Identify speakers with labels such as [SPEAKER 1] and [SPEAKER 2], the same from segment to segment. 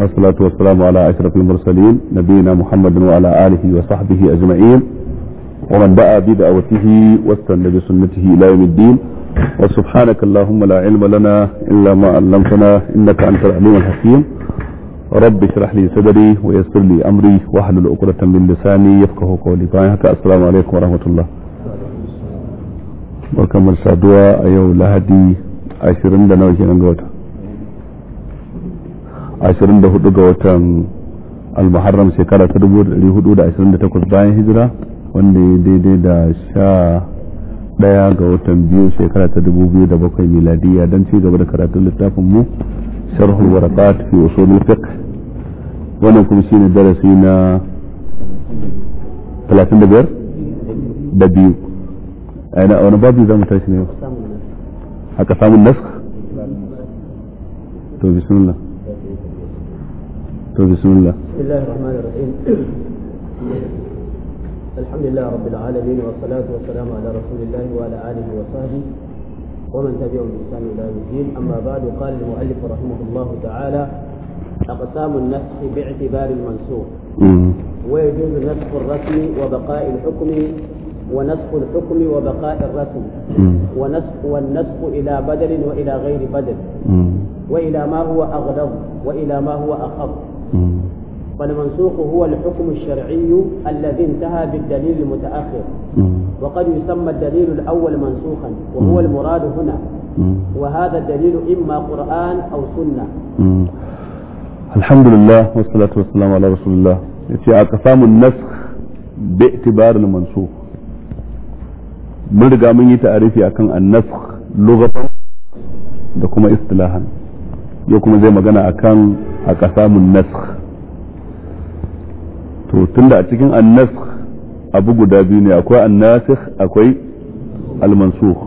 [SPEAKER 1] والصلاة والسلام على أشرف المرسلين نبينا محمد وعلى آله وصحبه أجمعين ومن دعا بدعوته واستنى بسنته إلى يوم الدين وسبحانك اللهم لا علم لنا إلا ما علمتنا إنك أنت العليم الحكيم رب اشرح لي صدري ويسر لي أمري واحلل عقدة من لساني يفقه قولي فاهمك السلام عليكم ورحمة الله وكمل mu saduwa a yau lahadi ashirin da 24 ga watan al-muharram shekara ta 1428 bayan hijira wanda ya daidai da sha daya ga watan biyu shekara ta 2007 miladiya don ci gaba da karatun littafin mu sharhul warakat fi usul fiqh wannan kuma shine darasi na 35 da biyu aina wani babu zamu tashi ne haka samun nasu to bismillah
[SPEAKER 2] بسم الله بسم الله الرحمن الرحيم الحمد لله رب العالمين والصلاة والسلام على رسول الله وعلى آله وصحبه ومن تبعهم بإحسان إلى يوم الدين أما بعد قال المؤلف رحمه الله تعالى أقسام النسخ باعتبار المنسوخ ويجوز نسخ الرسم وبقاء الحكم ونسخ الحكم وبقاء الرسم ونسخ والنسخ إلى بدل وإلى غير بدل وإلى ما هو أغلظ وإلى ما هو أخف فالمنسوخ هو الحكم الشرعي الذي انتهى بالدليل المتأخر وقد يسمى الدليل الأول منسوخا وهو المراد هنا وهذا الدليل إما قرآن أو سنة
[SPEAKER 1] الحمد لله والصلاة والسلام على رسول الله يتي أقسام النسخ باعتبار المنسوخ mun من mun yi ta'arifi akan annasakh lughatan da kuma istilahan yau kuma a kasamun nasr to tunda a cikin an annas abu guda biyu ne akwai annasikh akwai almansukh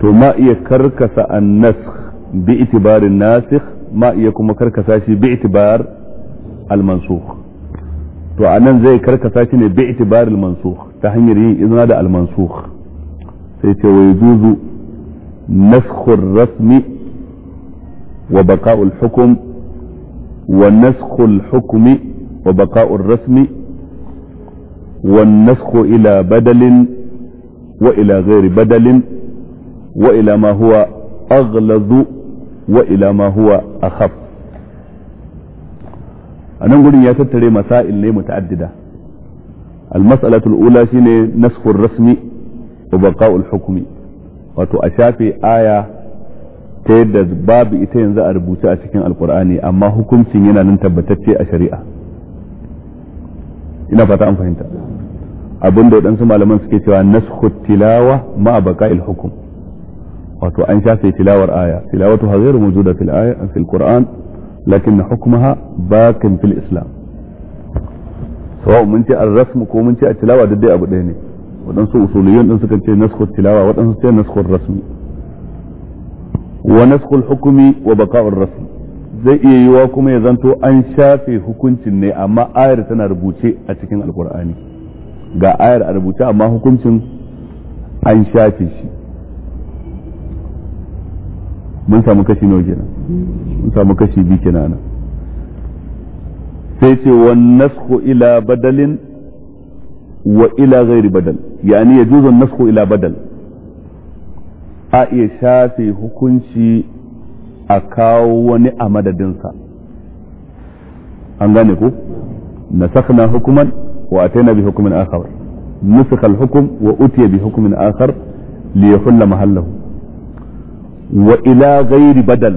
[SPEAKER 1] to ma iya karkasa an annasikh bi itibarin nasikh ma iya kuma karkasa shi bi itibar almansukh to anan zai karkasa shi ne bi itibar almansukh ta hanyar yin izina da almansukh sai ce wa yuzuzu naskhur rasmi وبقاء الحكم ونسخ الحكم وبقاء الرسم والنسخ إلى بدل وإلى غير بدل وإلى ما هو أغلظ وإلى ما هو أخف أنا نقول يا تتري مسائل لي متعددة المسألة الأولى شيني نسخ الرسم وبقاء الحكم وتؤشافي آية ta yadda babu ita yanzu a rubuce a cikin alkur'ani amma hukuncin yana nan tabbatacce a shari'a ina fata an fahimta abin da waɗansu malaman suke cewa nashu tilawa ma baqa'il hukum wato an shafe tilawar aya tilawatu ha ghairu mawjuda fil aya fil qur'an lakin hukmaha bakin fil islam sawa'un mun ce ar-rasm ko mun ce at-tilawa duk dai abu ɗaya ne waɗansu usuliyun din suka ce nashu tilawa waɗansu ce nashu rasmi wa naskhul hukumi wa baka'ur rasul zai iya yiwa kuma ya zanto an shafe hukuncin ne amma ayar tana rubuce a cikin alkur'ani ga ayar a rubuce amma hukuncin an shafe shi mun samu kashi nawa kenan mun samu kashi biyu kenan sai ce wa nasku ila badalin wa ila ghairi badal yani yajuzu an nasku ila badal a iya shafe hukunci a kawo wani a madadinsa an gane ku na nasakna hukuman wa ataina bi hukumin akhar nusakha al-hukm wa utiya bi hukumin akhar li yahulla mahallahu wa ila ghairi badal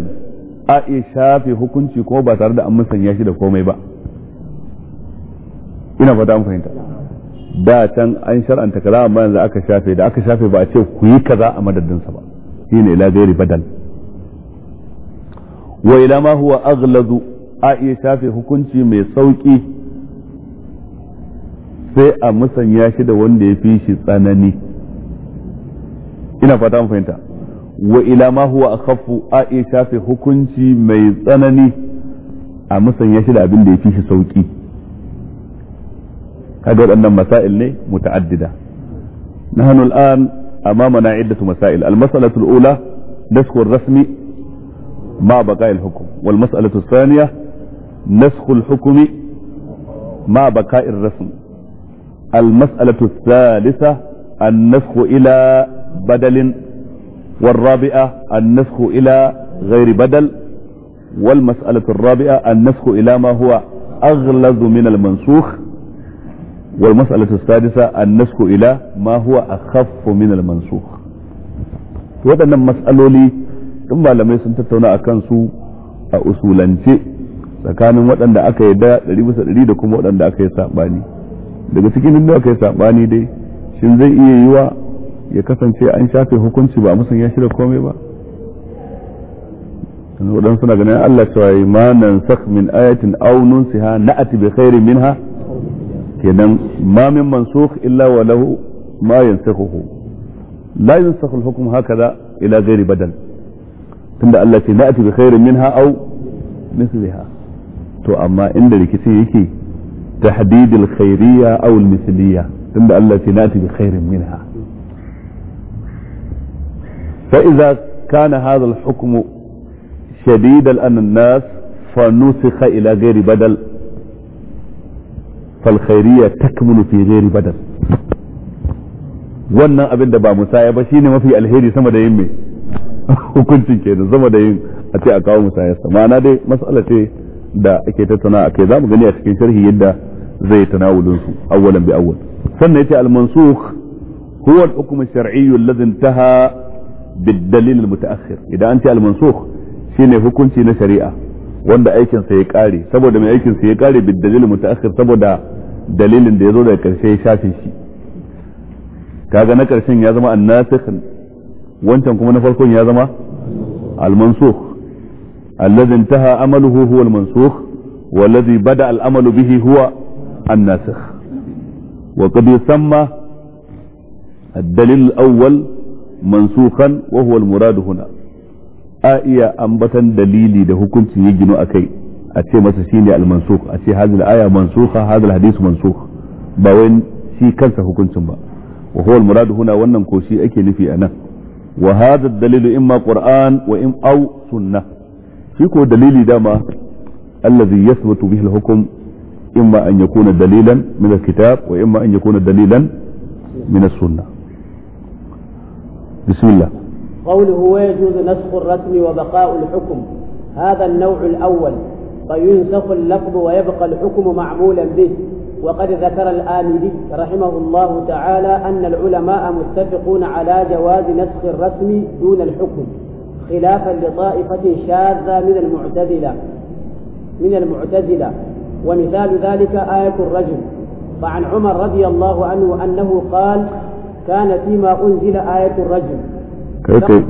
[SPEAKER 1] a iya shafe hukunci ko ba tare da an musanya shi da komai ba ina fata an fahimta da can an shar'anta kaza amma yanzu aka shafe da aka shafe ba a ce ku yi kaza a madadinsa ba ne ila gairi badal wa ila ma huwa aghladu a iya shafe hukunci mai sauki sai a musanya shi da wanda ya fi shi tsanani ina fata mun fahimta wa ila ma huwa akhaffu a iya shafe hukunci mai tsanani a musanya shi da abin da ya fi shi sauki kaga waɗannan مسائل متعددة نحن الآن أمامنا عدة مسائل المسألة الأولى نسخ الرسم مع بقاء الحكم والمسألة الثانية نسخ الحكم مع بقاء الرسم المسألة الثالثة النسخ إلى بدل والرابعة النسخ إلى غير بدل والمسألة الرابعة النسخ إلى ما هو أغلظ من المنسوخ والمسألة السادسة النسك إلى ما هو أخف من المنسوخ waɗannan mas'aloli in malamai sun tattauna a su a usulance tsakanin waɗanda aka yi da ɗari bisa ɗari da kuma waɗanda aka yi saɓani daga cikin inda aka yi saɓani dai shin zai iya yiwa ya kasance an shafe hukunci ba musan ya shirya komai ba waɗansu suna ganin Allah cewa ma nan sak min ayatin aw nunsiha na'ati bi khairin minha kenan ma min mansukh illa wa lahu ma yansakhuhu la yansakhu al-hukm hakaza ila ghairi badal tunda Allah ce na'ati bi khairin minha aw misliha to amma inda rikici yake tahdid al-khairiyya aw al-misliyya tunda Allah ce na'ati bi khairin minha fa idza kana hadha al-hukm shadid al-an an-nas fa nusikha ila ghairi badal falkhairiyya takmulu fi ghairi badal wannan abin da ba saya ba shine mafi alheri sama da yin mai hukuncin kenan sama da yin a ce a kawo musayar sa ma'ana dai mas'ala ce da ake tattauna a kai zamu gani a cikin sharhi yadda zai tanawulun su awwalan bi awwal sannan yace al-mansukh huwa al-hukm ash-shar'i alladhi intaha bid-dalil al-muta'akhir idan anti al-mansukh shine hukunci na shari'a wanda aikin sa ya kare saboda mai aikin sa ya kare bid-dalil al-muta'akhir saboda dalilin da ya zo daga karshe ya shafe shi kaga na karshen ya zama annasikh wancan kuma na farkon ya zama al-mansukh alladhi intaha amaluhu huwa al-mansukh والذي بدا الامل به هو الناسخ وقد يسمى الدليل الاول منسوخا وهو المراد هنا آئية أنبتا دليلي ده هكنت يجنو أكي a ce masa shi ne almansuk a ce hadhihi al-aya mansuka hadha al-hadith mansukh ba wai shi kansa hukuncin ba wa huwa al huna wannan ko shi ake nufi anan wa hadha ad-dalilu imma qur'an wa im aw sunnah shi ko dalili dama alladhi yathbutu bihi alhukm imma an yakuna dalilan min alkitab wa imma an yakuna dalilan min as-sunnah bismillah
[SPEAKER 2] قوله ويجوز نسخ الرسم وبقاء الحكم هذا النوع الأول فينسخ اللفظ ويبقى الحكم معمولا به وقد ذكر الآمدي رحمه الله تعالى أن العلماء متفقون على جواز نسخ الرسم دون الحكم خلافا لطائفة شاذة من المعتزلة من المعتزلة ومثال ذلك آية الرجم فعن عمر رضي الله عنه أنه قال كان فيما أنزل آية الرجم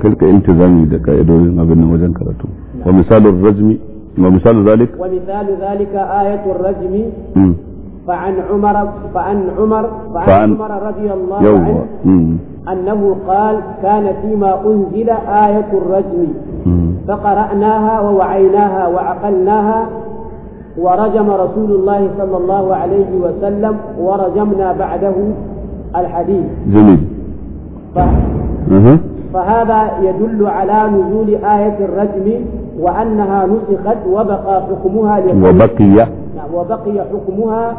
[SPEAKER 1] كلك انتظامي ذكاء إدوين أبن وجن كرتو ومثال الرجم ومثال ذلك
[SPEAKER 2] ومثال ذلك آية الرجم فعن عمر فعن عمر فعن, فعن عمر رضي الله يوه. عنه أنه قال كان فيما أنزل آية الرجم فقرأناها ووعيناها وعقلناها ورجم رسول الله صلى الله عليه وسلم ورجمنا بعده الحديث
[SPEAKER 1] جميل ف...
[SPEAKER 2] فهذا يدل على نزول آية الرجم وأنها نسخت وبقى حكمها وبقي نعم، وبقي حكمها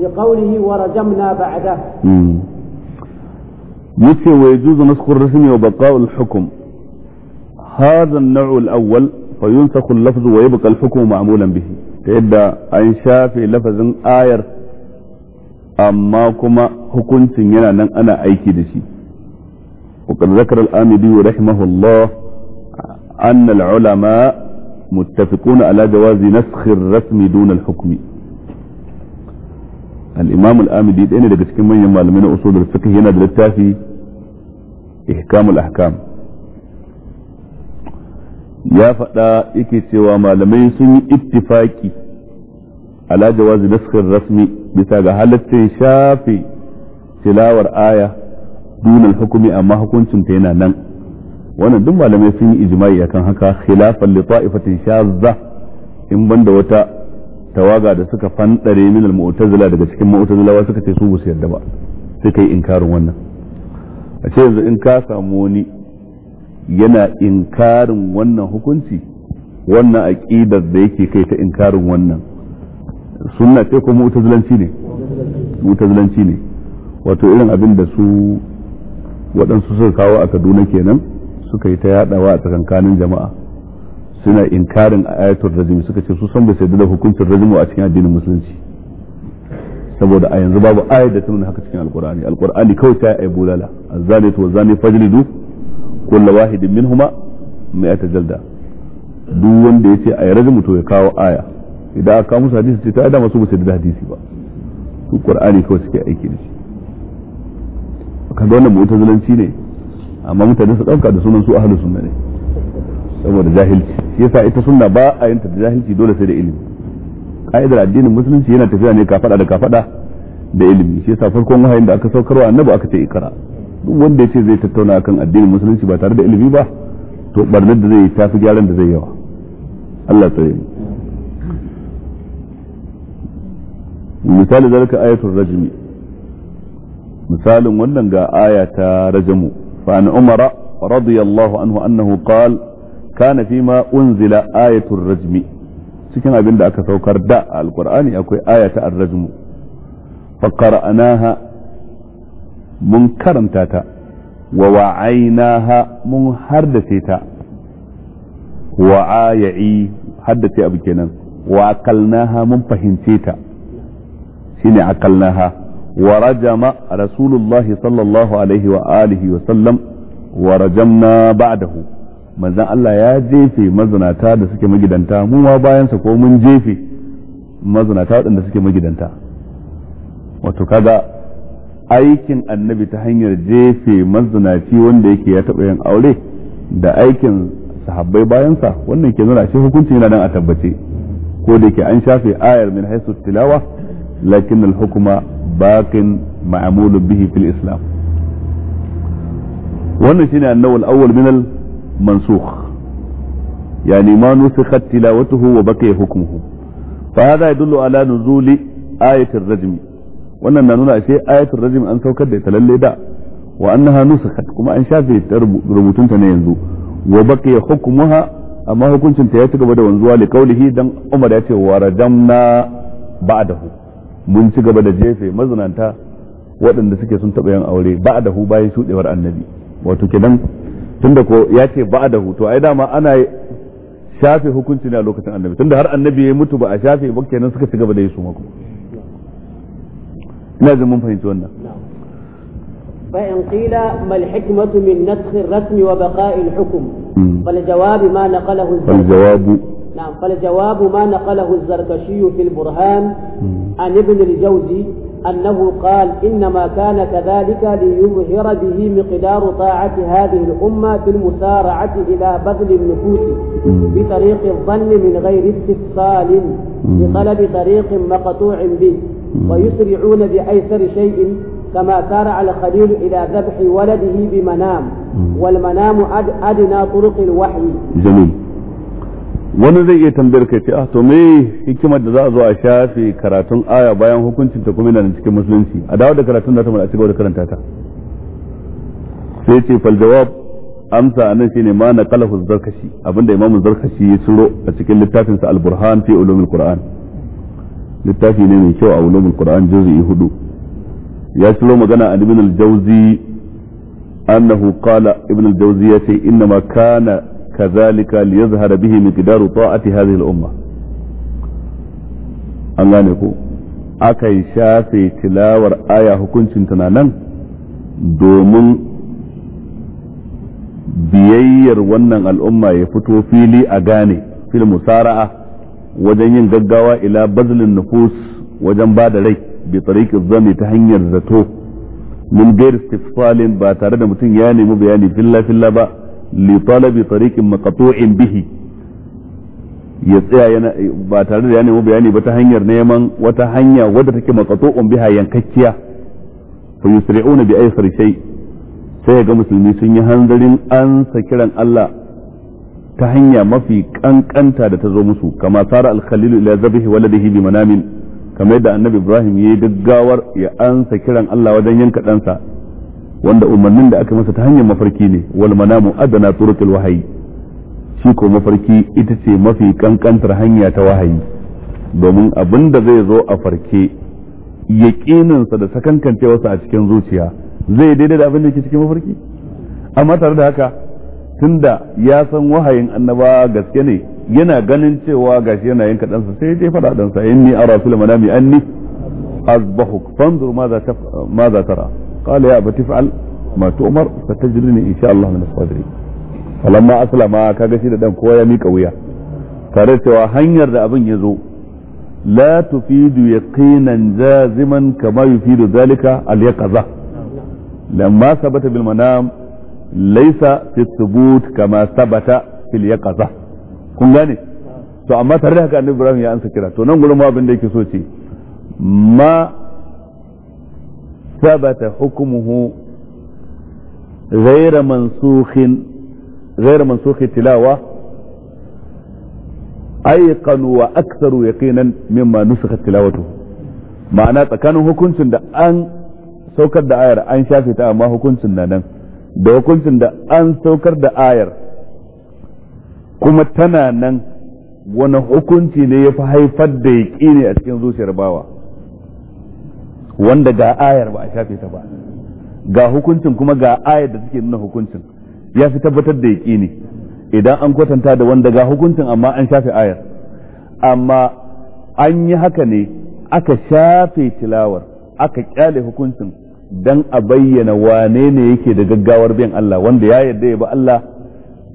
[SPEAKER 2] لقوله ورجمنا بعده
[SPEAKER 1] يكفي ويجوز نسخ الرجم وبقاء الحكم هذا النوع الأول فينسخ اللفظ ويبقى الحكم معمولا به تيدا أن في لفظ آير أما كما حكم سنين أنا أيكي دشي وقد ذكر الآمدي رحمه الله أن العلماء متفقون على جواز نسخ الرسم دون الحكم الإمام الآمدي دين لك سكما يمال من أصول الفقه هنا للتافي إحكام الأحكام يا فتا إكي سوى ما لم اتفاقي على جواز نسخ الرسم بساقة هل شافي تلاور آية dunal hukumi amma hukuncin ta yana nan wannan duk malamai sun yi ijma'i akan haka khilafan li ta'ifatin shazza in banda wata tawaga da suka fandare min al-mu'tazila daga cikin mu'tazilawa suka ce su ba su yarda ba sai kai inkarin wannan a ce yanzu in ka samu wani yana inkarin wannan hukunci wannan aqidar da yake kai ta inkarin wannan sunna ce ko mu'tazilanci ne mu'tazilanci ne wato irin abin da su waɗansu suka kawo a kaduna kenan suka yi ta yaɗawa a tsakankanin jama'a suna inkarin ayatul rajim suka ce su san ba sai da hukuncin rajimu a cikin addinin musulunci saboda a yanzu babu ayat da ta nuna haka cikin alkur'ani alkur'ani kawai ta yi bulala azzanatu wa zani fajlidu kullu wahidin minhuma mi'ata jalda duk wanda yace ayi rajimu to ya kawo aya idan aka musu hadisi ce ta da masu ba sai da hadisi ba su qur'ani kawai suke aiki da shi kaga wannan mu'tazilanci ne amma mutane su dauka da sunan su ahlus sunna ne saboda jahilci shi yasa ita sunna ba a yin ta da jahilci dole sai da ilimi ka'idar addinin musulunci yana tafiya ne ka fada da ka fada da ilimi shi yasa farkon wahayin da aka saukarwa annabi aka ce ikra duk wanda ya ce zai tattauna akan addinin musulunci ba tare da ilimi ba to barnar da zai yi tafi gyaran da zai yawa Allah tsare mu misali zalika ayatul rajmi مثال ولنجا آية رجمو فعن عمر رضي الله عنه أنه قال كان فيما أنزل آية الرجم سكنا بند أكثر كرداء القرآن أكوي آية الرجم فقرأناها منكرم تاتا ووعيناها منحرثتا وعايعي حدثي أبو كنان وعقلناها منفهن سيني عقلناها
[SPEAKER 2] ورجم
[SPEAKER 1] رسول الله صلى الله عليه وآله وسلم ورجمنا بعده manzon Allah ya jefe mazinata da suke magidanta mu ma bayansa ko mun jefe mazinata waɗanda suke magidanta wato kaga aikin annabi ta hanyar jefe mazinaci wanda yake ya taɓa yin aure da aikin sahabbai bayansa wannan ke nuna shi hukunci yana nan a tabbace ko da yake an shafe ayar min haisu tilawa lakin al-hukuma باق معمول به في الإسلام ونسينا النوع الأول من المنسوخ يعني ما نسخت تلاوته وبقي حكمه فهذا يدل على نزول آية الرجم وأن نقول أشياء آية الرجم أن سوكدت للإداء وأنها نسخت كما إن شافي ربوتون تنينزو وبقي حكمها أما هو كنت انتهيتك بدأ لقوله دن عمر يتي بعده mun ci gaba da jefe mazinanta waɗanda suke sun taɓa yin aure ba da hu bayan shuɗewar annabi wato kenan tunda ko ya ce ba da hu to ai dama ana shafe hukunci ne a lokacin annabi tunda har annabi ya mutu ba a shafe ba kenan suka ci gaba da yi su ina jin mun fahimci wannan
[SPEAKER 2] فإن قيل ما الحكمة من نسخ الرسم وبقاء الحكم فالجواب ما نقله al فالجواب نعم فالجواب ما نقله الزركشي في البرهان عن ابن الجوزي أنه قال إنما كان كذلك ليظهر به مقدار طاعة هذه الأمة في المسارعة إلى بذل النفوس بطريق الظن من غير استفصال لطلب طريق مقطوع به ويسرعون بأيسر شيء كما سارع الخليل إلى ذبح ولده بمنام والمنام أدنى طرق الوحي
[SPEAKER 1] جميل wani zai iya tambayar kai ce ah to me hikimar da za a zo a shafe karatun aya bayan hukuncin ta kuma yana cikin musulunci a dawo da karatun da ta mu a cigaba da karanta ta sai ce fal jawab amsa anan shine ma na qalahu zarkashi abinda imam zarkashi ya ciro a cikin littafin sa al-burhan fi ulumul qur'an littafi ne mai kyau a ulumul qur'an juz'i hudu ya ciro magana an ibn al-jawzi annahu qala ibn al-jawzi yace inna ma kana كذلك ليظهر به مقدار طاعة هذه الأمة an gane ko aka yi shafe tilawar aya hukuncin tunanan domin biyayyar wannan al'umma ya fito fili a gane fil musara'a wajen yin gaggawa ila bazlin nufus wajen ba da rai bi tsariki zane ta hanyar zato min gair istifalin ba tare da mutum ya nemi bayani filla filla ba li talabi tariqin maqtu'in bihi ya tsaya yana ba tare da ya nemi bayani ba ta hanyar neman wata hanya wadda take maqtu'un biha yankakkiya fa yusri'una bi aysar shay sai ga musulmi sun yi hanzarin an kiran Allah ta hanya mafi kankanta da ta zo musu kama sara al-khalil ila zabihi waladihi bi manamin kamar yadda annabi Ibrahim ya yayi gaggawar ya ansa kiran Allah wajen yanka ɗansa wanda umarnin da aka masa ta hanyar mafarki ne wal manamu adana turuqil wahayi shi ko mafarki ita ce mafi kankantar hanya ta wahayi domin abin da zai zo a farke yaqininsa da sakankancewarsa a cikin zuciya zai daidai da abin da yake cikin mafarki amma tare da haka tunda ya san wahayin annaba gaske ne yana ganin cewa gashi yana yin kadansa sai ya fada sa inni ara fil manami anni azbahuk fanzur ma za tara قال يا أبت افعل ما تؤمر ستجرني إن شاء الله من الصابرين falamma aslama kaga shi da dan kowa ya mika wuya tare cewa hanyar da abin ya zo la tufidu yaqinan jaziman kama yufidu zalika al yaqaza lamma sabata bil manam sabata kun gane to amma tare da haka annabi Ibrahim ya ansa kira to nan gurin ma abin da yake so ce ma ثبت حكمه غير منسوخ غير منسوخ التلاوة أيقن وأكثر يقينا مما نسخت تلاوته ma'ana tsakanin hukuncin da an saukar da ayar an shafe ta amma hukuncin na nan da hukuncin da an saukar da ayar kuma tana nan wani hukunci ne ya fi haifar da yaƙi ne a cikin zuciyar bawa wanda ga ayar ba a shafe ta ba ga hukuncin kuma ga ayar da suke nuna hukuncin ya fi tabbatar da yaƙini idan an kwatanta da wanda ga hukuncin amma an shafe ayar amma an yi haka ne aka shafe tilawar aka kyale hukuncin dan a bayyana wane ne yake da gaggawar bin Allah wanda ya yarda ya bi Allah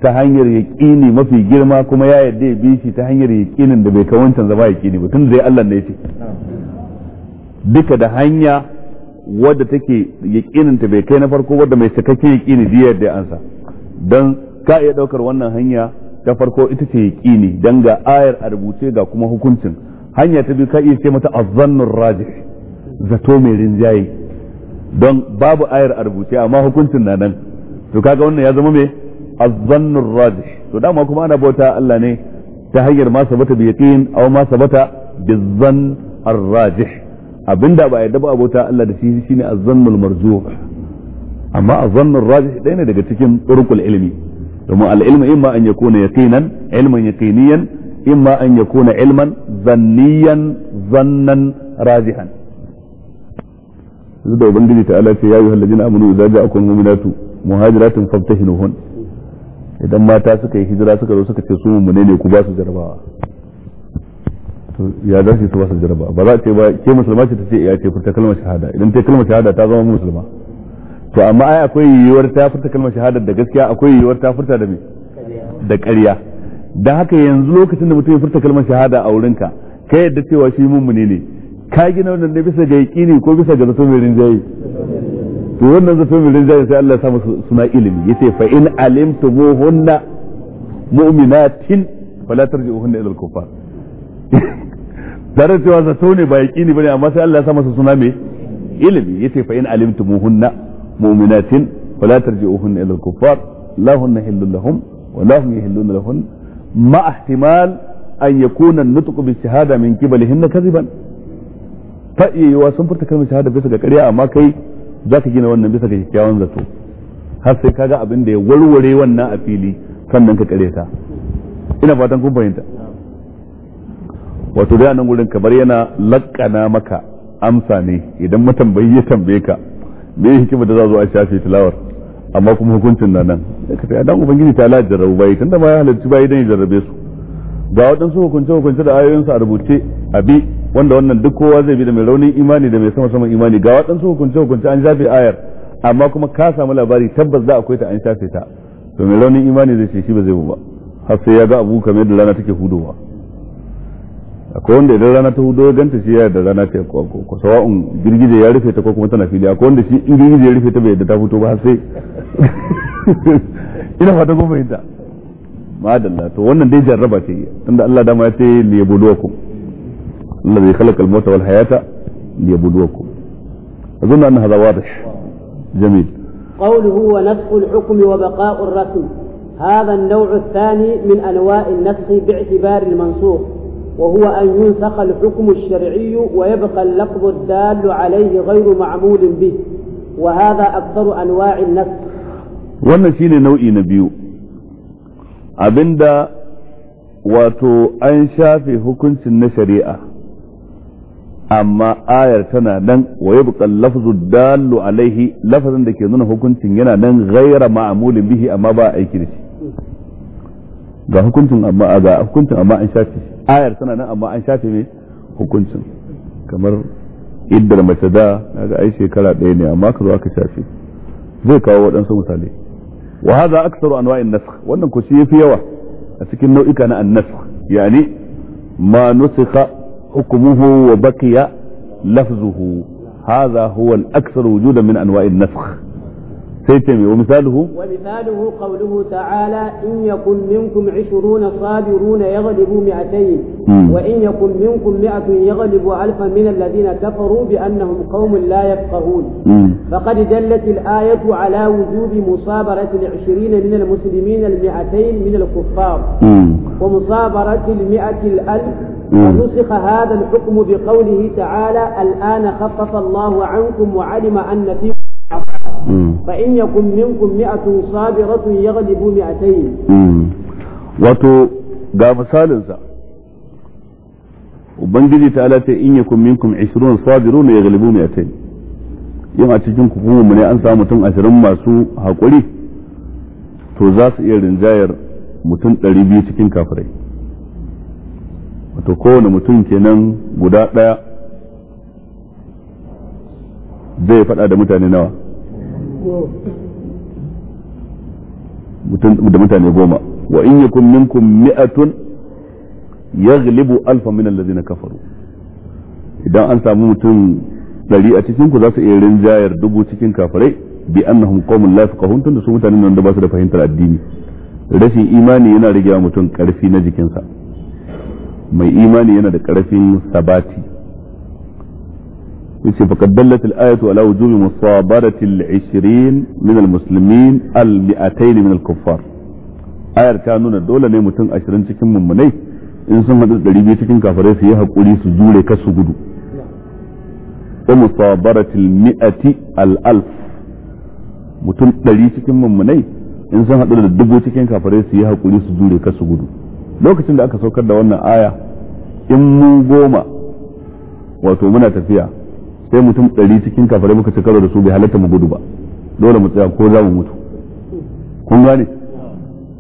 [SPEAKER 1] ta hanyar yaƙini mafi girma kuma ya yarda ya bi shi ta hanyar yaƙinin da bai kawancan zama yaƙini ba tun da Allah ne ya ce duka da hanya wadda take yaƙininta bai kai na farko wadda mai cikakke yaƙini biyar da ansa don ka iya ɗaukar wannan hanya ta farko ita ce yaƙini don ga ayar a rubuce ga kuma hukuncin hanya ta biyu ka iya ce mata azannun raji zato mai rinjaye don babu ayar a rubuce amma hukuncin na nan to kaga wannan ya zama mai azannun raji to dama kuma ana bauta Allah ne ta hanyar ma sabata bi yaqin aw ma sabata bi zann ar-rajih abinda ba yadda ba abota Allah da shi shine az-zannul amma az rajih dai ne daga cikin turukul ilmi domin al-ilmu imma an yakuna yaqinan ilman yaqiniyan imma an yakuna ilman zanniyan zannan rajihan da ubangiji ta Allah ce ya ayyuhal ladina amanu idza ja'akum mu'minatu muhajiratun famtahinuhun idan mata suka yi hijira suka zo suka ce su mu ne ku ba su jarabawa su ya dace su ba su jaraba ba za a ce ba ke musulma ce ta ce ya ce furta kalmar shahada idan ta kalmar shahada ta zama musulma to amma ai akwai yiwuwar ta furta kalmar shahada da gaskiya akwai yiwuwar ta furta da me da ƙarya dan haka yanzu lokacin da mutum ya furta kalmar shahada a wurinka ka yadda cewa shi mummune ne ka gina wannan ne bisa ga ne ko bisa ga zato mai rinjaye to wannan zato mai rinjaye sai Allah ya sa musu suna ilimi yace fa in alimtumuhunna mu'minatin fala tarji'uhunna ila al-kuffar tare cewa zato ne ba yaqini bane amma sai Allah ya sa masa suna mai ilimi yace fa in alimtumuhunna mu'minatin la tarji'uhunna ila al-kuffar la hunna hillun lahum wa la hum yahillun lahun ma ihtimal an yakuna an-nutqu bi shahada min qiblihinna kadhiban ta iya sun furta kalmar shahada bisa ga ƙarya amma kai zaka gina wannan bisa ga kyakkyawan zato har sai kaga abin da ya warware wannan a fili sannan ka kareta ta ina fatan kun fahimta wato da nan gurin kamar yana lakkana maka amsa ne idan matambayi ya tambaye ka me hikima da za zo a shafe tilawar amma kuma hukuncin na nan ka ta dan ubangiji ta lajin jarrabu bai tunda ma ya halarci bai dan ya jarrabe su ga waɗansu hukunce hukunce da ayoyin su a rubuce a bi wanda wannan duk kowa zai bi da mai raunin imani da mai sama sama imani ga waɗansu hukunce hukunce an shafe ayar amma kuma ka samu labari tabbas za akwai ta an shafe ta to mai raunin imani zai ce shi ba zai bu ba har sai ya ga abu kamar da rana take hudowa akwai wanda idan rana ta hudu ganta shi ya da rana ta ko sawa'un girgije ya rufe ta ko kuma tana fili akwai wanda shi in girgije ya rufe ta bai yadda ta fito ba sai ina fata ko fahimta madalla to wannan dai jarraba ce tunda Allah dama ya ce yabluwakum Allah zai khalaqa al-mauta wal hayata liyabluwakum أظن أن wa واضح جميل
[SPEAKER 2] قوله ونسخ الحكم وبقاء الرسم هذا النوع الثاني من أنواع النسخ باعتبار المنسوخ وهو أن ينسخ الحكم الشرعي ويبقى اللفظ الدال عليه غير معمول به وهذا أكثر أنواع النسخ
[SPEAKER 1] وانا شيني نوئي نبيو أبندا واتو أنشا في حكم سن شريعة أما آية سنة نن ويبقى اللفظ الدال عليه لفظا دكي نن حكم سن غير معمول به أما با أي ga hukuncin amma ga hukuncin amma an shafe ayar tana nan amma an shafe mai hukuncin kamar iddar mace da naga ai shekara ɗaya ne amma ka zo aka shafe zai kawo waɗansu misali wa hadha aktsaru anwa'in nasakh wannan ko shi yafi yawa a cikin nau'ika na annasakh yani ma nusikha hukmuhu wa baqiya lafzuhu hadha huwa al aktsaru wujudan min anwa'in nasakh سيتمي ومثاله
[SPEAKER 2] ومثاله قوله تعالى إن يكن منكم عشرون صابرون يغلبوا مئتين وإن يكن منكم مئة يغلبوا ألفا من الذين كفروا بأنهم قوم لا يفقهون فقد دلت الآية على وجوب مصابرة العشرين من المسلمين المئتين من الكفار ومصابرة المئة الألف ونسخ هذا الحكم بقوله تعالى الآن خفف الله عنكم وعلم أن فيكم Mm. fa in yakun minkum mi'atun sabiratun yaghlibu mi'atayn
[SPEAKER 1] mm. wato ga misalin sa ubangiji ta ta in yakun minkum 20 sabirun yaghlibu mi'atayn yin a cikin hukumar mu ne an samu mutum 20 masu hakuri to za su iya rinjayar mutum 200 cikin kafirai wato kowane mutum kenan guda daya zai faɗa da mutane nawa da mutane goma wa in yakun minkum mi'atun yaghlibu alfa min allazina kafaru idan an samu mutum ɗari a cikin za su iya rinjayar dubu cikin kafirai bi annahum qaumun la yafqahun da su mutanen nan da ba su da fahimtar addini rashin imani yana rage mutum karfi na jikinsa mai imani yana da karfin sabati yace faqad dallat al-ayatu ala wujubi musabarati al-20 min al-muslimin al-mi'atayn min al-kuffar ayar ta nuna dole ne mutum 20 cikin mummunai in sun hadu 200 cikin kafirai su yi hakuri su jure kasu gudu wa musabarati al-mi'ati al-alf mutum 100 cikin mummunai in sun hadu da dubu cikin kafirai su yi su gudu lokacin da aka saukar da wannan aya in goma wato muna tafiya sai mutum ɗari cikin kafare muka ci karo da su bai halatta mu gudu ba dole mu tsaya ko za mu mutu kun gane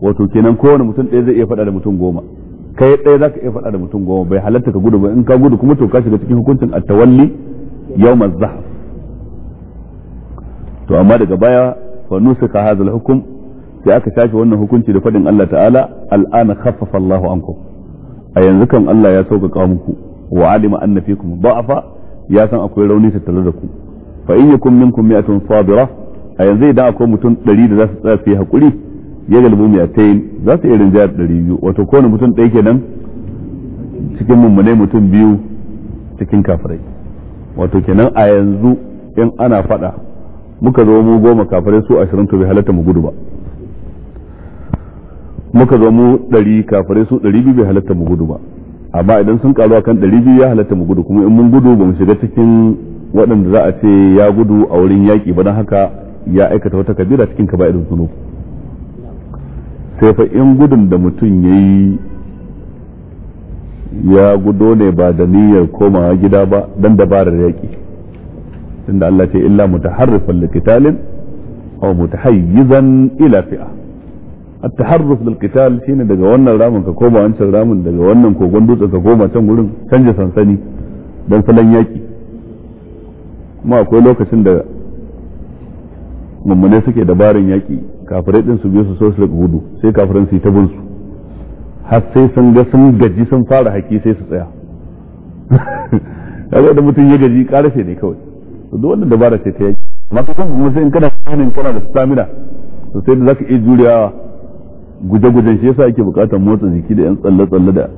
[SPEAKER 1] wato kenan kowane mutum ɗaya zai iya faɗa da mutum goma kai ɗaya za ka iya faɗa da mutum goma bai halatta ka gudu ba in ka gudu kuma to ka shiga cikin hukuncin attawalli yawm az-zahf to amma daga baya fa nusika hadha al-hukm sai aka shafe wannan hukunci da faɗin Allah ta'ala al'ana khaffafa Allahu ankum a yanzu kan Allah ya sauƙaƙa muku wa alima anna fikum da'afa ya san akwai rauni tattare da ku fa in yakum minkum mi'atun sabira a yanzu idan akwai mutum 100 da za su tsaya su yi hakuri ya galbu mi'atayn za su iya rinjayar 200 wato kowane mutum ɗaya kenan cikin mummune mutum biyu cikin kafirai wato kenan a yanzu in ana fada muka zo mu goma kafirai su 20 to bai halatta mu gudu ba muka zo mu ɗari kafirai su ɗari biyu bai halatta mu gudu ba amma idan sun karu kan ɗari biyu ya halatta mu gudu kuma in mun gudu ba mu shiga cikin waɗanda za a ce ya gudu a wurin yaƙi ba don haka ya aikata wata kabira cikin kaba'irin suno. sai fa in gudun da mutum ya yi ya gudo ne ba da niyyar komawa gida ba don dabarar yaƙi tunda Allah ce illa mutaharrifan likitalin aw mutahayyizan ila fi'a at-taharruf bil qital shine daga wannan ramin ka koma wancan ramin daga wannan kogon dutse ka koma can gurin canja sansani dan salon yaki kuma akwai lokacin da mummune suke dabarin yaki kafirai din su biyo su so su hudu sai kafirin su yi ta bin su har sai sun ga sun gaji sun fara haƙi sai su tsaya kaga da mutum ya gaji karashe ne kawai to duk wannan dabara ce ta yaki amma kuma sai in kana kana da stamina to sai da zaka iya jurewa guje-gujen shi yasa ake bukatar motsa jiki da yan tsalle-tsalle da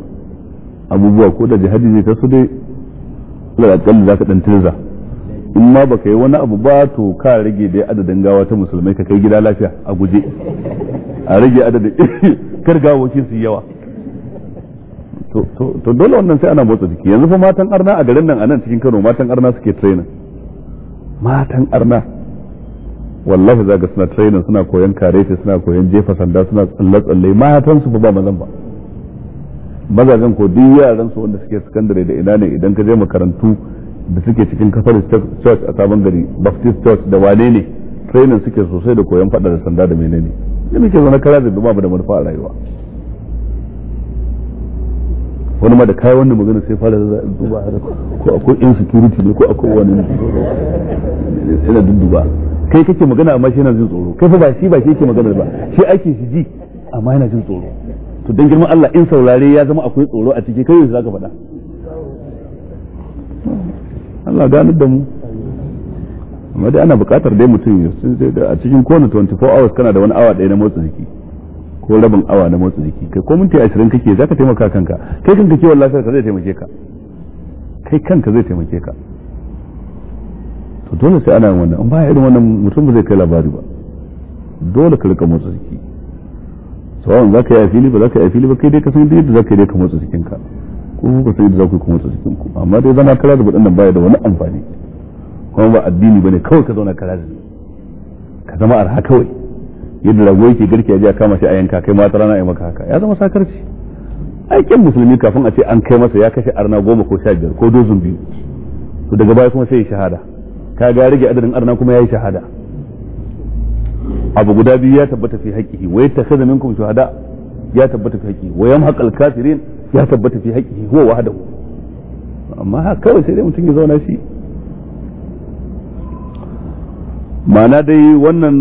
[SPEAKER 1] abubuwa ko da jihadi ne ta su dai Allah za ka dan tirza in ma baka yi wani abu ba to ka rage dai adadin gawa ta musulmai ka kai gida lafiya a guje a rage adadin kar gawokin su yawa to dole wannan sai ana motsa jiki yanzu fa matan arna a garin nan a nan cikin Kano matan arna suke training matan arna wallahi za ga suna trainin suna koyon karefe suna koyon jefa sanda suna tsalle-tsalle matan su ba mazan ba mazajen ko duk yaran su wanda suke sakandare da ina ne idan ka je makarantu da suke cikin kafar church a sabon gari baptist church da wane ne trainin suke sosai da koyon fada da sanda da menene ne muke zaune kara da babu da manufa a rayuwa wani ma da kai wannan magana sai fara duba ko akwai insecurity ne ko akwai wani ina dudduba kai kake magana amma shi yana jin tsoro kai fa ba shi ba shi yake magana ba shi ake shi ji amma yana jin tsoro to dan girman Allah in saurare ya zama akwai tsoro a cikin kai yanzu zaka faɗa Allah ganar da mu amma dai ana buƙatar dai mutum ya sun da a cikin kowane 24 hours kana da wani awa ɗaya na motsa jiki ko rabin awa na motsa jiki kai ko minti 20 kake zaka taimaka kanka kai kanka kiwon lafiyar ka zai taimake ka kai kanka zai taimake ka to dole sai ana yin wannan in ba irin wannan mutum ba zai kai labari ba dole ka rika motsa jiki sawan za ka yi a fili ba za ka yi a fili ba kai dai ka san yadda za ka yi dai ka motsa jikinka ko kuka san yadda za ku yi ka motsa jikinku amma dai zama kara da nan baya da wani amfani kuma ba addini ba ne kawai ka zauna kara da ka zama arha kawai yadda rago yake garki a je a kama shi a yanka kai mata rana a yi maka haka ya zama sakarci aikin musulmi kafin a ce an kai masa ya kashe arna goma ko sha biyar ko dozin biyu to daga baya kuma sai ya shahada kaga rage adadin arna kuma yayi shahada abu guda biyu ya tabbata fi haqqihi wa yattakhadha minkum shuhada ya tabbata fi haqqihi wa yamhaqal kafirin ya tabbata fi haqqihi huwa wahdahu amma ha kawai sai dai mutum ya zauna shi ma'ana dai wannan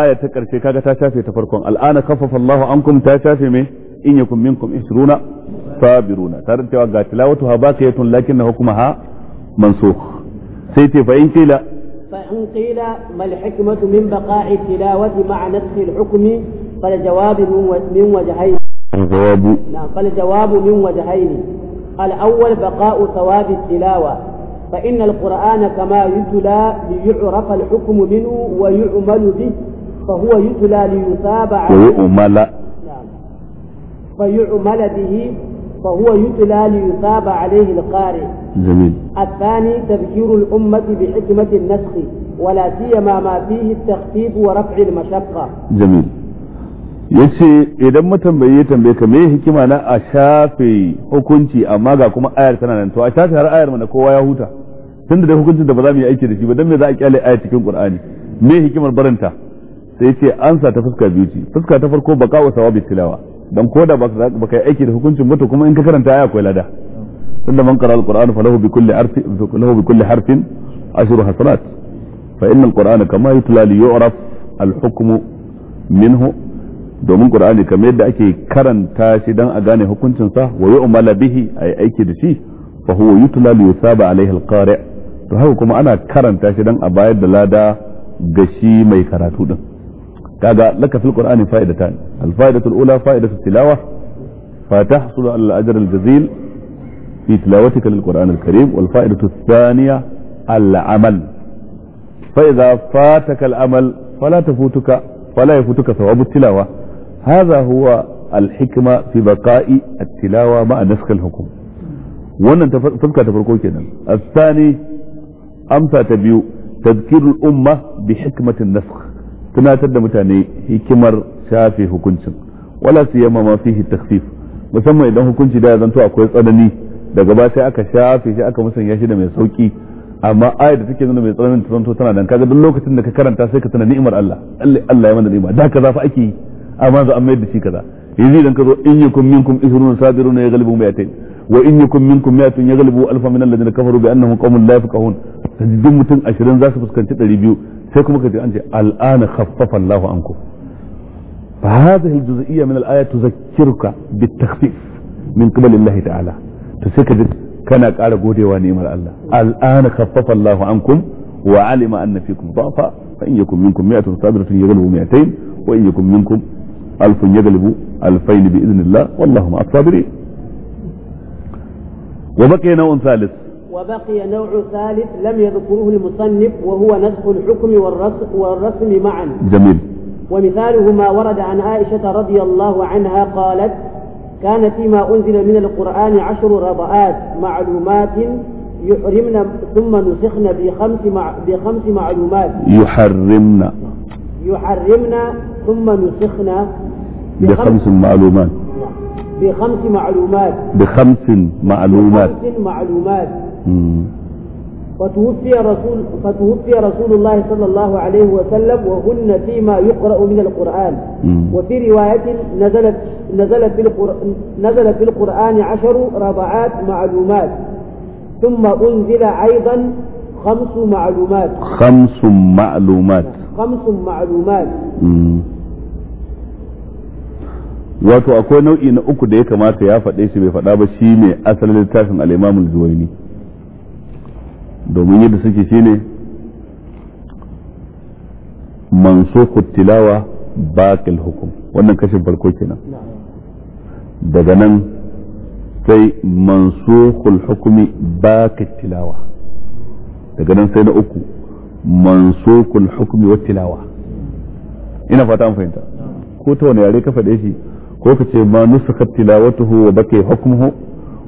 [SPEAKER 1] aya ta karshe kaga ta shafe ta farkon al'ana khaffafa Allahu ankum ta shafe me in yakum minkum 20 sabiruna tare da cewa ga tilawatu ha baqiyatun lakinna hukmaha mansukh سيدي فإن قيل
[SPEAKER 2] فإن قيل ما الحكمة من بقاء التلاوة مع نفس الحكم فالجواب من وجهين
[SPEAKER 1] الجواب
[SPEAKER 2] نعم فالجواب من وجهين الأول بقاء ثواب التلاوة فإن القرآن كما يتلى ليعرف الحكم منه ويعمل به فهو يتلى ليثاب عليه ويعمل
[SPEAKER 1] نعم
[SPEAKER 2] فيعمل به فهو يتلى ليثاب عليه القارئ جميل الثاني تذكير الأمة بحكمة النسخ ولا سيما ما فيه التخفيف ورفع المشقة
[SPEAKER 1] جميل yace idan matambayi ya tambaye ka me hikima na a shafe hukunci amma ga kuma ayar tana nan to a shafe har ayar mana kowa ya huta tunda dai hukuncin da ba za mu yi aiki da shi ba dan me za a kyale ayar cikin Qur'ani me hikimar baranta sai ce ansa ta fuska biyu ce fuska ta farko baka wa sawabi tilawa dan ko da baka yi aiki da hukuncin ba to kuma in ka karanta aya akwai lada tunda man qara al-qur'ana falahu bi kulli harfin falahu bi kulli harfin ashru hasanat fa inna al kama yutla li yu'raf al minhu domin qur'ani kamar yadda ake karanta shi dan a gane hukuncin sa wa yu'mala bihi ay aiki da shi fa huwa yutla li yusaba alayhi al to haka kuma ana karanta shi dan a bayar da lada ga shi mai karatu din كذا لك في القرآن فائدتان الفائدة الأولى فائدة التلاوة فتحصل على الأجر الجزيل في تلاوتك للقرآن الكريم والفائدة الثانية العمل فإذا فاتك الأمل فلا تفوتك فلا يفوتك ثواب التلاوة هذا هو الحكمة في بقاء التلاوة مع نسخ الحكم وانا أنت فذكر تفرقوا الثاني أمسى تبيو تذكير الأمة بحكمة النسخ tunatar da mutane hikimar shafe hukuncin wala su siyama ma fihi takhfif musamman idan hukunci da ya zanto akwai tsanani daga ba sai aka shafe shi aka musanya shi da mai sauki amma ayar da take nuna mai tsananin ta zanto tana nan kaga duk lokacin da ka karanta sai ka tuna ni'imar Allah Allah ya mana ni'ima da kaza fa ake yi amma za a mayar da shi kaza yanzu idan ka zo in yakum minkum isrun sabiruna yaghlibu mi'atayn wa in yakum minkum mi'atun yaghlibu alfan min alladhina kafaru bi annahum qaumun la yafqahun duk mutum ashirin za su fuskanci ɗari biyu sai kuma ka ji an ce al'ana khaffafa Allahu anku fa hadhihi al-juz'iyya min al-aya tuzakkiruka bit-takhfif min qibali Allah ta'ala to sai ka ji kana ƙara godewa ni'imar Allah al'ana khaffafa Allahu ankum wa alima anna fikum dafa fa in yakum minkum mi'atun sabiratun yaghlibu mi'atayn wa in yakum minkum alfun yaghlibu alfayn bi idhnillah wallahu ma'as sabirin وبقي نوع ثالث
[SPEAKER 2] وبقي نوع ثالث لم يذكره المصنف وهو نسخ الحكم والرسم, والرسم معا جميل ومثاله ما ورد عن عائشة رضي الله عنها قالت كان فيما أنزل من القرآن عشر رضآت معلومات يحرمن ثم نسخن بخمس مع بخمس معلومات
[SPEAKER 1] يحرمن
[SPEAKER 2] يحرمن ثم نسخن بخمس
[SPEAKER 1] معلومات
[SPEAKER 2] بخمس معلومات
[SPEAKER 1] بخمس معلومات
[SPEAKER 2] بخمس معلومات فتوفي رسول فتوفي رسول الله صلى الله عليه وسلم وهن فيما يقرأ من القرآن وفي رواية نزلت نزلت في القرآن نزلت في القرآن عشر رضعات معلومات ثم أنزل أيضا خمس معلومات
[SPEAKER 1] خمس معلومات
[SPEAKER 2] خمس معلومات
[SPEAKER 1] wato akwai nau'i na uku da ya kamata ya faɗe shi bai faɗa ba shine asalin littafin al-Imam domin yadda suke shine mansukhu tilawa baqil hukum wannan kashin farko kenan daga nan sai mansukhul hukumi baqil tilawa daga nan sai na uku mansukul hukumi wa tilawa ina fata an fahimta ko ta wani yare ka faɗe shi ko ka ce ma nusukhat tilawatuhu wa baqi hukmuhu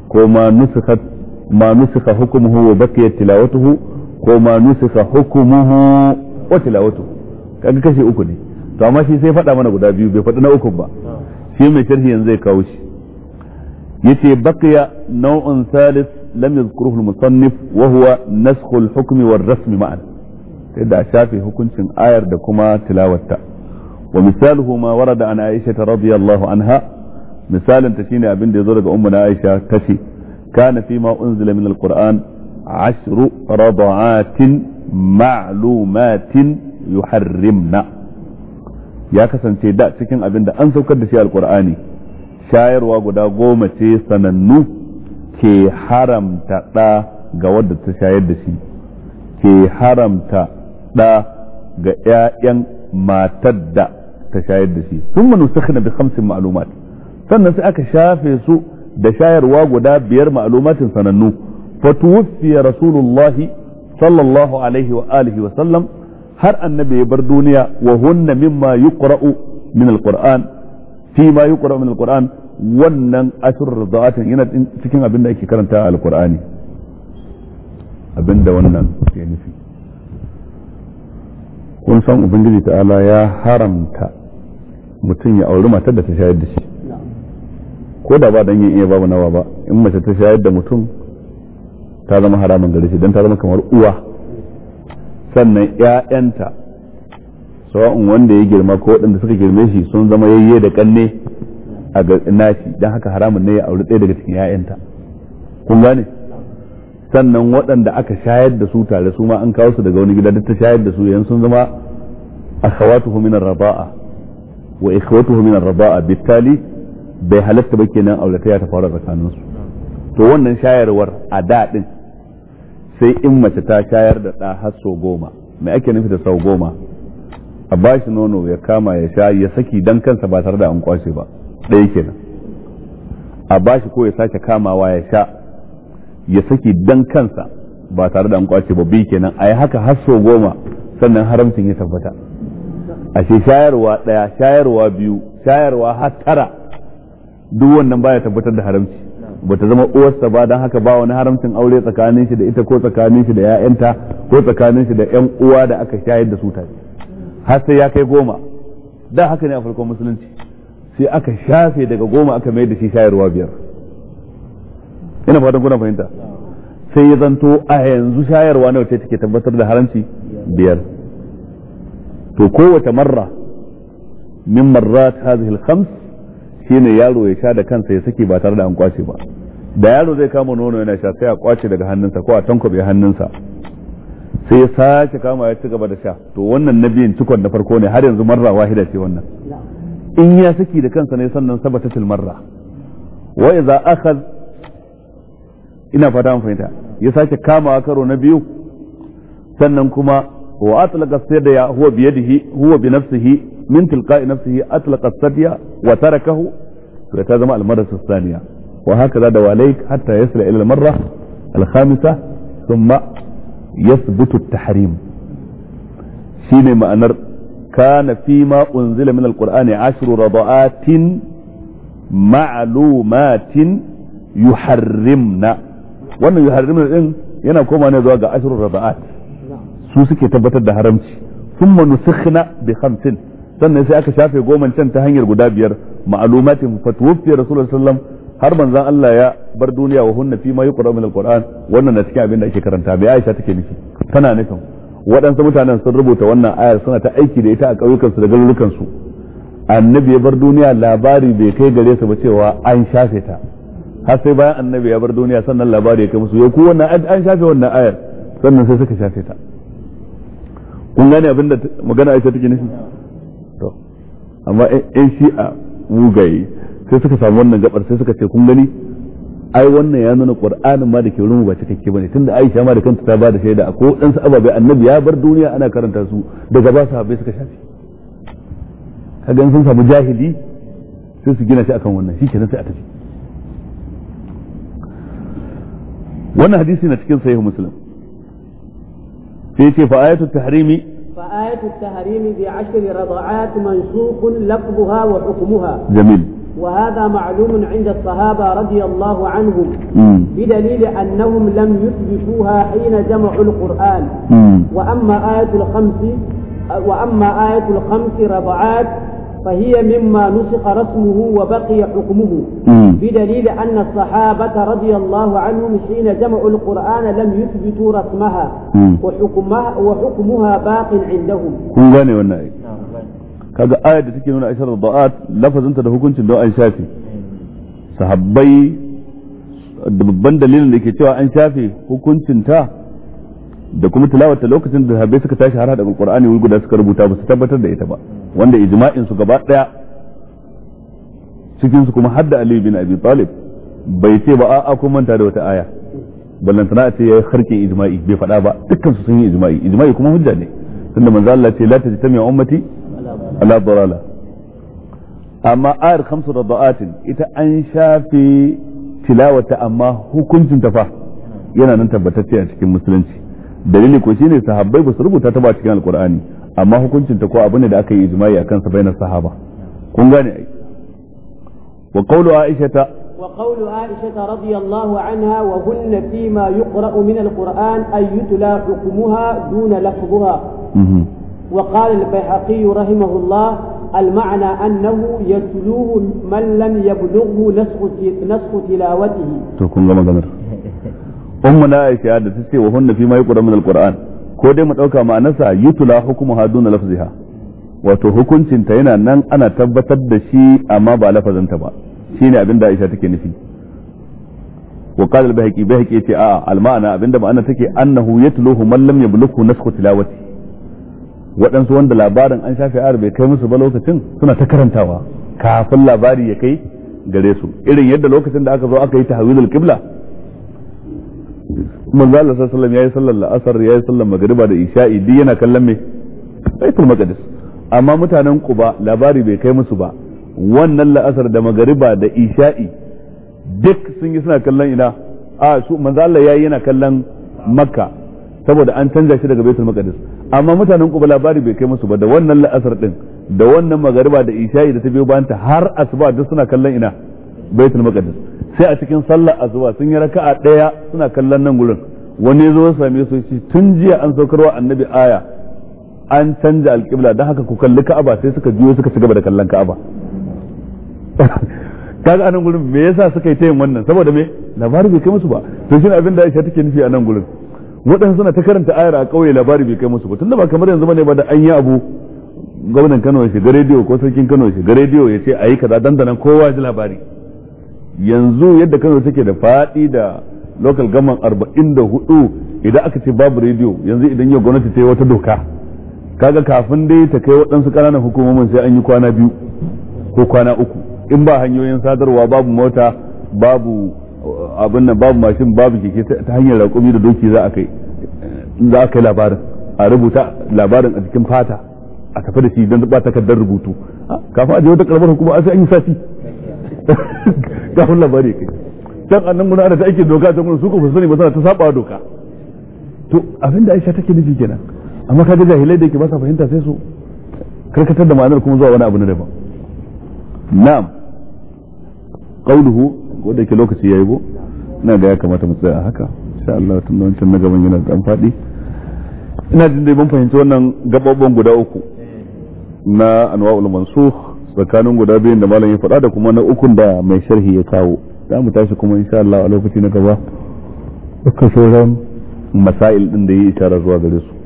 [SPEAKER 1] ko ma nusukhat ma nusikha hukmuhu wa baqiyat tilawatuhu ko ma nusikha hukmuhu wa tilawatuhu kaga kashi uku ne to amma shi sai faɗa mana guda biyu bai faɗi na uku ba shi mai sharhi yanzu zai kawo shi yace baqiya naw'un thalith lam yadhkuruhu al-musannif wa huwa naskhu al-hukm wa ar-rasm ma'an sai da shafe hukuncin ayar da kuma tilawarta wa misaluhu ma warada an Aisha radiyallahu anha misalin ta shine abin da yazo daga ummu na Aisha tace kana fi ma unzila min alquran ashru rada'atin ma'lumatin yuharrimna ya kasance da cikin abin da an saukar da shi alqur'ani shayarwa guda goma ce sanannu ke haramta ɗa ga wadda ta shayar da shi ke haramta ɗa ga 'ya'yan matar da ta shayar da shi sun manu na bi hamsin ma'alumat sannan sai aka shafe su da shayarwa guda biyar ma'lumatin sanannu fa tuwfiya rasulullah sallallahu alaihi wa alihi wa sallam har annabi ya bar duniya wa hunna mimma yuqra'u min alquran fi ma yuqra'u min alquran wannan ashur da'atin yana cikin abin da ake karanta a alqur'ani abinda wannan ke nufi kun san ubangiji ta'ala ya haramta mutum ya auri matar da ta shayar da shi ko da ba dangin iya babu nawa ba in mace ta shayar da mutum ta zama haramun gare shi don ta zama kamar uwa sannan ƴaƴanta sawa'un wanda ya girma ko waɗanda suka girme shi sun zama yayye da kanne a nashi dan haka haramun ne ya auri ɗaya daga cikin ƴaƴanta kun gane sannan waɗanda aka shayar da su tare su ma an kawo su daga wani gida duk ta shayar da su yan sun zama akhawatuhu min ar-raba'a wa ikhwatuhu min rabaa bittali bai halatta ba kenan aure ta fara tsakaninsu to wannan shayarwar a daɗin sai in mace ta shayar da ɗa har sau goma mai ake nufi da sau goma a ba shi nono ya kama ya sha ya saki dan kansa ba tare da an kwashe ba ɗaya kenan a ba shi ko ya sake kamawa ya sha ya saki dan kansa ba tare da an kwashe ba biyu kenan a yi haka har sau goma sannan haramcin ya tabbata ashe shayarwa ɗaya shayarwa biyu shayarwa har tara duk wannan baya tabbatar da haramci bata zama uwarsa ba don haka ba wani haramcin aure tsakanin shi da ita ko tsakanin shi da 'ya'yanta ko tsakanin shi da 'yan uwa da aka shayar da su tare har sai ya kai goma da haka ne a farkon musulunci sai aka shafe daga goma aka mai da shi shayarwa biyar ina fatan kuna fahimta sai ya zanto a yanzu shayarwa nawa ce take tabbatar da haramci biyar to kowace marra min marrat hadhihi al-khams shine yaro ya sha da kansa ya saki ba tare da an kwace ba da yaro zai kama nono yana sha sai a kwace daga hannunsa ko a tankobe hannunsa sai ya sace kama ya ci gaba da sha to wannan na biyun cikon na farko ne har yanzu marra wahida ce wannan in ya saki da kansa ne sannan til marra wa idza akhad ina fata mun fahimta ya sake kama karo na biyu sannan kuma wa atlaqa sayda ya huwa biyadihi huwa bi nafsihi من تلقاء نفسه أطلق الثدي وتركه فيتازم المرة الثانية وهكذا دواليك حتى يصل إلى المرة الخامسة ثم يثبت التحريم شين انر كان فيما أنزل من القرآن عشر رضاءات معلومات يحرمنا وان يحرمنا ان ينا koma ne عشر رضاءات ashrul rabaat su ثم نسخنا بخمسين sannan sai aka shafe goman can ta hanyar guda biyar ma'alumatin fatuwfi rasulullah sallam har manzan Allah ya bar duniya wa hunna fi ma yuqra min alquran wannan na cikin abin da ake karanta bai Aisha take nufi tana nufin waɗansu mutanen sun rubuta wannan ayar suna ta aiki da ita a ƙauyukansu da garurukansu annabi ya bar duniya labari bai kai gare su ba cewa an shafe ta har sai bayan annabi ya bar duniya sannan labari ya kai musu yau ku wannan an shafe wannan ayar sannan sai suka shafe ta kun gane abin da magana Aisha take nufi amma yan shi'a mugaye sai suka samu wannan gabar sai suka ce kun gani ai wannan ya nuna qur'anin ma da ke rumu ba cikakke bane tunda aisha ma da kanta ta bada shaida ko dan ababai annabi ya bar duniya ana karanta su daga ba sahabbai suka shafi kaga sun samu jahili sai su gina shi akan wannan shi kenan sai a tafi wannan hadisi na cikin sahih muslim sai ce fa ayatu tahrimi
[SPEAKER 2] فآية التحريم بعشر رضعات منسوخ لفظها وحكمها جميل وهذا معلوم عند الصحابة رضي الله عنهم بدليل أنهم لم يثبتوها حين جمعوا القرآن وأما آية الخمس وأما آية الخمس رضعات فهي مما نسخ رسمه وبقي حكمه بدليل أن الصحابة رضي الله عنهم حين جمعوا القرآن لم يثبتوا رسمها وحكمها, وحكمها باق عندهم كن
[SPEAKER 1] غاني والنائي كذا آية تكين هنا أشار الضاءات لفظ انت ده كنت دعاء شافي صحبي بندلين اللي كتوا أن شافي هو كنت da kuma tilawata lokacin da sahabbai suka tashi har hada alqur'ani wuri guda suka rubuta ba su tabbatar da ita ba wanda ijma'in su gaba daya cikin su kuma hadda Ali bin Abi Talib bai ce ba a'a kun manta da wata aya ballantana a ce ya harke ijma'i bai faɗa ba dukkan su sun yi ijma'i ijma'i kuma hujja ne tunda manzo Allah ce la tajtami ummati ala dalala amma ayar khamsu radaatin ita an shafe tilawata amma hukuncin ta fa yana nan tabbatacce a cikin musulunci dalili ko shine sahabbai ba su rubuta ta ba cikin alkur'ani amma hukuncin ta ko abin da aka yi ijma'i akan sa bainar sahaba kun gane ai wa qawlu aisha wa qawlu aisha
[SPEAKER 2] وقول عائشة رضي الله عنها وهن فيما يقرأ من القرآن أن يتلى حكمها دون لفظها وقال البيحقي رحمه الله المعنى أنه يتلوه من لم يبلغه نسخ تلاوته
[SPEAKER 1] ummu na aisha da tace wa hunna fi ma yuqra min alquran ko dai mu dauka ma'anarsa yutula hukmu haduna lafziha wato hukuncin ta yana nan ana tabbatar da shi amma ba lafazin ta ba shine abin da aisha take nufi wa qala al-bahqi bahqi yace a al-ma'ana abinda ma'ana take annahu yatluhu man lam yablughu nasxu tilawati waɗansu wanda labarin an shafe ar bai kai musu ba lokacin suna ta karantawa kafin labari ya kai gare su irin yadda lokacin da aka zo aka yi tahwilul qibla manzo Allah sallallahu alaihi wasallam yayi sallar la'asar yayi sallar magriba da isha'i duk yana kallon me baitul maqdis amma mutanen Quba labari bai kai musu ba wannan la'asar da magriba da isha'i duk sun yi suna kallon ina a su manzo Allah yayi yana kallon Makka saboda an canza shi daga baitul maqdis amma mutanen Quba labari bai kai musu ba da wannan la'asar din da wannan magariba da isha'i da ta biyo banta har asuba duk suna kallon ina baitul maqdis sai a cikin sallah azuwa sun yi raka'a daya suna kallon nan gurin wani zo ya same su shi tun jiya an saukarwa annabi aya an canja alƙibla dan haka ku kalli ka'aba sai suka biyo suka ci gaba da kallon ka'aba kaga anan gurin me yasa suka yi ta yin wannan saboda me labari bai kai musu ba to shine abin da Aisha take nufi anan gurin waɗansu suna ta karanta ayar a ƙauye labari bai kai musu ba tunda ba kamar yanzu bane ba da an yi abu gwamnan Kano ya shiga rediyo ko sarkin Kano ya shiga rediyo ya ce ayi kaza dandanan kowa ji labari yanzu yadda kano take da faɗi da local government arba'in da hudu idan aka ce babu rediyo yanzu idan yau gwamnati ta yi wata doka kaga kafin dai ta kai waɗansu ƙananan hukumomin sai an yi kwana biyu ko kwana uku in ba hanyoyin sadarwa babu mota babu uh, abin nan babu mashin babu keke ta hanyar raƙumi da doki za a kai uh, za a kai labarin a rubuta labarin a cikin fata a tafi da shi don ba takardar rubutu ah, kafin a je wata karamar hukuma sai an yi sati kafin labari kai dan annan mun ana ta ake doka ta mun su ku sani ba suna ta saba doka to abinda aisha take nufi kenan amma kaga jahilai da yake ba sa fahimta sai su karkatar da ma'anar kuma zuwa wani abu na daban na'am qauluhu wanda da ke lokaci yayi go ina ga ya kamata mu tsaya haka insha Allah tun da wancan na gaban yana da amfani ina jin dai ban fahimci wannan gababban guda uku na anwa'ul mansukh tsakanin guda biyun da malam ya faɗa da kuma na ukun da mai sharhi ya kawo za mu tashi kuma insha Allah a lokaci na gaba duka sauran masail din da ya isharar zuwa gare su